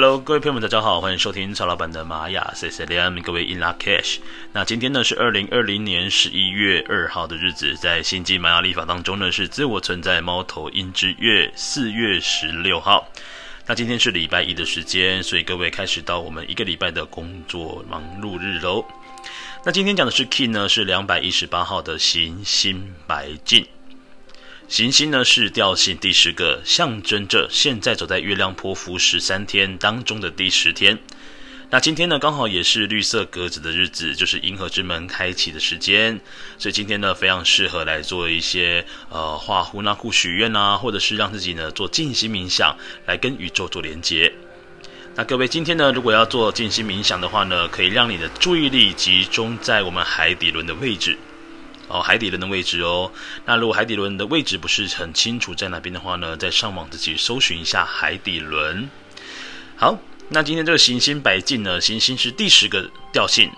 Hello，各位朋友們，大家好，歡迎收聽曹老板的瑪雅，謝謝 a m 各位 In Lak'ech，那今天呢是二零二零年十一月二號的日子，在星際瑪雅曆法當中呢是自我存在貓頭鷹之月四月十六號。那今天是禮拜一的時間，所以各位開始到我們一個禮拜的工作忙碌日嘍。那今天講的是 kin 呢是兩百一十八號的行星白鏡。行星呢是調性第十個，象徵着現在走在月亮波符十三天當中的第十天。那今天呢剛好也是綠色格子的日子，就是銀河之門開啟的時間，所以今天呢非常適合來做一些呃畫呼那庫許願吶、啊，或者是讓自己呢做靜心冥想，來跟宇宙做連結。那各位今天呢如果要做靜心冥想的話呢，可以讓你的注意力集中在我們海底輪的位置。哦，海底輪的位置哦。那如果海底輪的位置不是很清楚在哪邊的話呢，再上網自己搜尋一下海底輪。好，那今天這個行星白鏡呢，行星是第十個調性。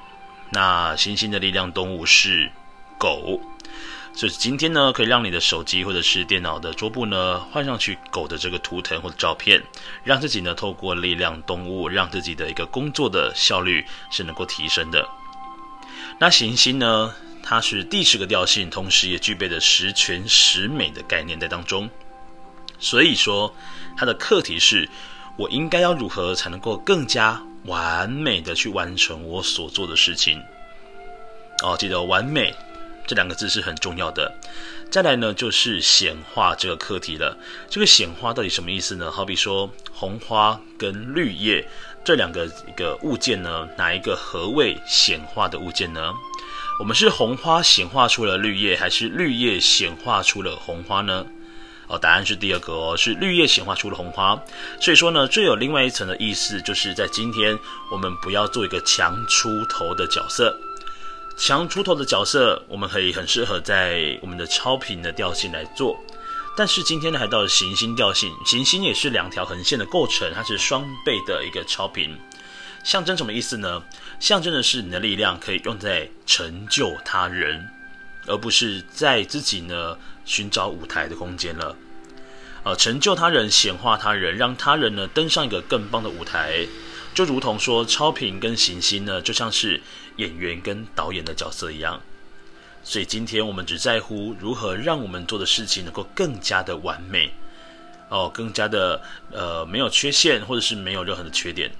那行星的力量動物是狗，所以今天呢，可以讓你的手機或者是電腦的桌布呢換上去狗的這個圖騰或者照片，讓自己呢透過力量動物，讓自己的一個工作的效率是能夠提升的。那行星呢，它是第十個調性，同時也具備着十全十美的概念在當中。所以說，它的課題是：我應該要如何才能夠更加完美地去完成我所做的事情？哦，記得、哦“完美”這兩個字是很重要的。再來呢，就是顯化這個課題了。這個顯化到底什麼意思呢？好比說，紅花跟綠葉這兩個一個物件呢，哪一個何謂顯化的物件呢？我們是紅花顯化出了綠葉，還是綠葉顯化出了紅花呢？哦，答案是第二個哦，是綠葉顯化出了紅花。所以說呢，最有另外一層的意思，就是在今天我們不要做一個強出頭的角色。強出頭的角色，我們可以很適合在我們的超頻的調性來做。但是今天呢，還到了行星調性，行星也是兩條橫線的構成，它是雙倍的一個超頻。象徵什麼意思呢？象徵的是你的力量可以用在成就他人，而不是在自己呢尋找舞台的空間了。呃，成就他人，顯化他人，讓他人呢登上一個更棒的舞台，就如同說超頻跟行星呢，就像是演員跟導演的角色一樣。所以今天我們只在乎如何讓我們做的事情能夠更加的完美，哦、呃，更加的呃沒有缺陷，或者是沒有任何的缺點。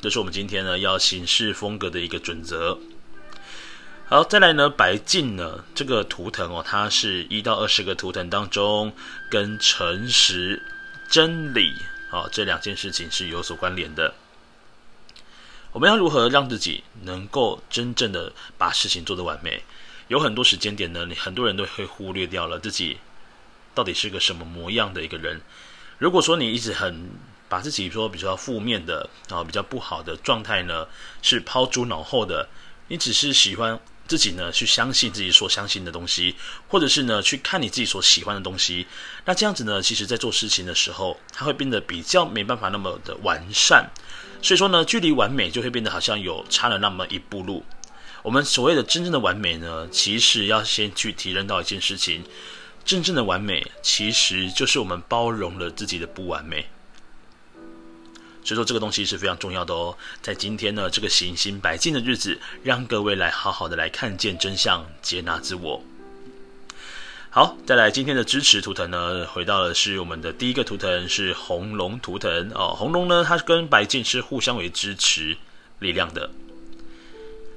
這是我們今天呢要行事風格的一個準則。好，再來呢，白鏡呢這個圖騰哦，它是一到二十個圖騰當中，跟誠實、真理，好、哦、這兩件事情是有所關聯的。我們要如何讓自己能夠真正的把事情做得完美？有很多時間點呢，你很多人都會忽略掉了自己到底是個什麼模樣的一個人。如果說你一直很把自己說比較負面的啊，然後比較不好的狀態呢，是拋諸腦後的。你只是喜歡自己呢，去相信自己所相信的東西，或者是呢，去看你自己所喜歡的東西。那這樣子呢，其實在做事情的時候，它會變得比較沒辦法那麼的完善。所以說呢，距離完美就會變得好像有差了那麼一步路。我們所謂的真正的完美呢，其實要先去體認到一件事情：真正的完美其實就是我們包容了自己的不完美。所以說這個東西是非常重要的哦。在今天呢，這個行星白鏡的日子，讓各位來好好的來看見真相，接納自我。好，再來今天的支持圖騰呢，回到的是我們的第一個圖騰是紅龍圖騰哦。紅龍呢，它跟白鏡是互相為支持力量的。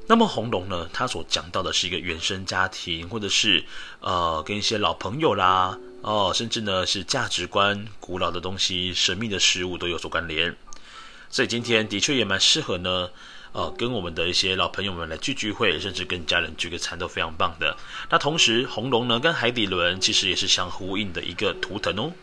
那麼紅龍呢，它所講到的是一個原生家庭，或者是呃跟一些老朋友啦，哦，甚至呢是價值觀、古老的東西、神秘的事物都有所關聯。所以今天的確也蠻適合呢，呃，跟我們的一些老朋友們來聚聚會，甚至跟家人聚個餐都非常棒的。那同時，紅龍呢跟海底輪其實也是相呼應的一個圖騰哦。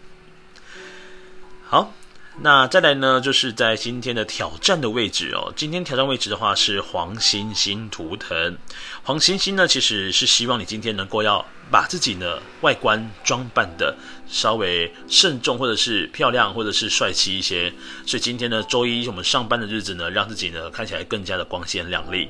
好。那再來呢，就是在今天的挑戰的位置哦。今天挑戰位置的話是黃星星圖騰。黃星星呢，其實是希望你今天能夠要把自己呢外觀裝扮得稍微慎重，或者是漂亮，或者是帥氣一些。所以今天呢，週一我們上班的日子呢，讓自己呢看起來更加的光鮮亮麗。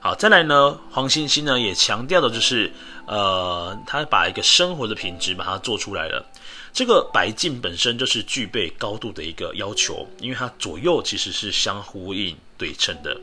好，再來呢，黃星星呢也強調的就是，呃，他把一個生活的品質把它做出來了。這個白鏡本身就是具備高度的一個要求，因為它左右其實是相呼應對稱的。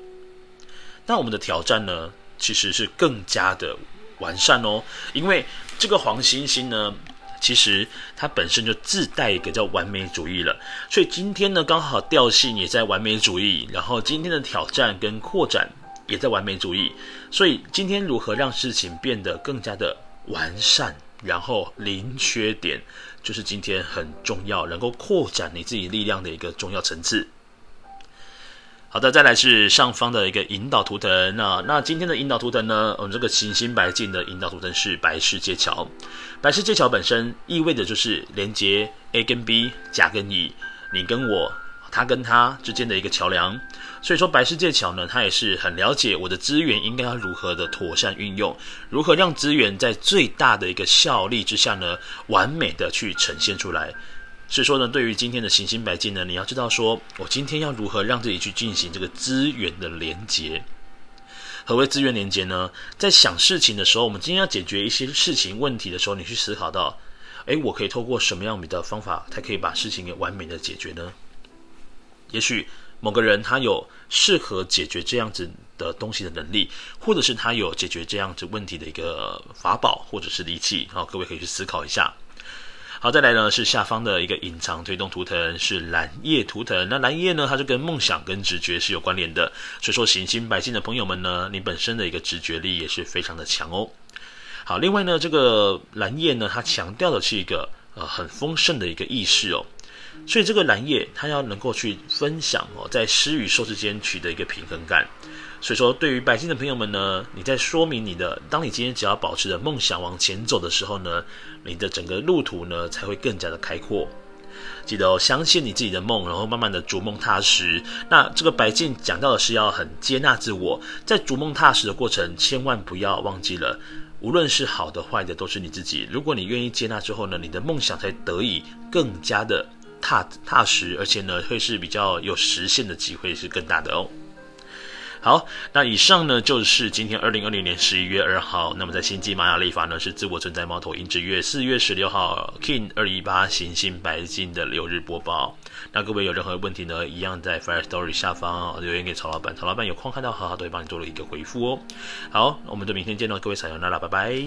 那我們的挑戰呢，其實是更加的完善哦，因為這個黃星星呢，其實它本身就自帶一個叫完美主義了。所以今天呢，剛好調性也在完美主義，然後今天的挑戰跟擴展也在完美主義。所以今天如何讓事情變得更加的完善，然後零缺點？就是今天很重要，能夠擴展你自己力量的一個重要層次。好的，再來是上方的一個引導圖騰，那那今天的引導圖騰呢？我們這個行星白鏡的引導圖騰是白世界橋。白世界橋本身意味着就是連接 A 跟 B，甲跟乙，你跟我。他跟他之間的一個橋樑，所以說白世界橋呢，他也是很了解我的資源應該要如何的妥善運用，如何讓資源在最大的一個效力之下呢，完美的去呈現出來。所以說呢，對於今天的行星白鏡呢，你要知道說我今天要如何讓自己去進行這個資源的連接？何為資源連接呢？在想事情的時候，我們今天要解決一些事情問題的時候，你去思考到，誒，我可以透過什麼樣的方法才可以把事情給完美的解決呢？也許某個人他有適合解決這樣子的東西的能力，或者是他有解決這樣子問題的一個法寶或者是利器。好、哦，各位可以去思考一下。好，再來呢是下方的一個隱藏推動圖騰是藍夜圖騰。那藍夜呢，它就跟夢想跟直覺是有關聯的。所以說，行星白鏡的朋友們呢，你本身的一個直覺力也是非常的強哦。好，另外呢這個藍夜呢，它強調的是一個呃很豐盛的一個意識哦。所以這個藍夜，它要能夠去分享哦，在施與受之間取得一個平衡感。所以說，對於白鏡的朋友們呢，你在說明你的，當你今天只要保持着夢想往前走的時候呢，你的整個路途呢才會更加的開闊。記得哦，相信你自己的夢，然後慢慢的逐夢踏實。那這個白鏡講到的是要很接納自我，在逐夢踏實的過程，千萬不要忘記了，無論是好的壞的都是你自己。如果你願意接納之後呢，你的夢想才得以更加的。踏踏實，而且呢，會是比較有實現的機會是更大的哦。好，那以上呢就是今天二零二零年十一月二號，那麼在星際瑪雅曆法，呢是自我存在貓頭鷹之月四月十六號，kin 二一八行星白鏡的流日播報。那各位有任何問題呢，一樣在 Firstory 下方、哦、留言給曹老闆，曹老闆有空看到好好都會幫你做了一個回復哦。好，我們就明天見到各位莎呦娜啦，拜拜。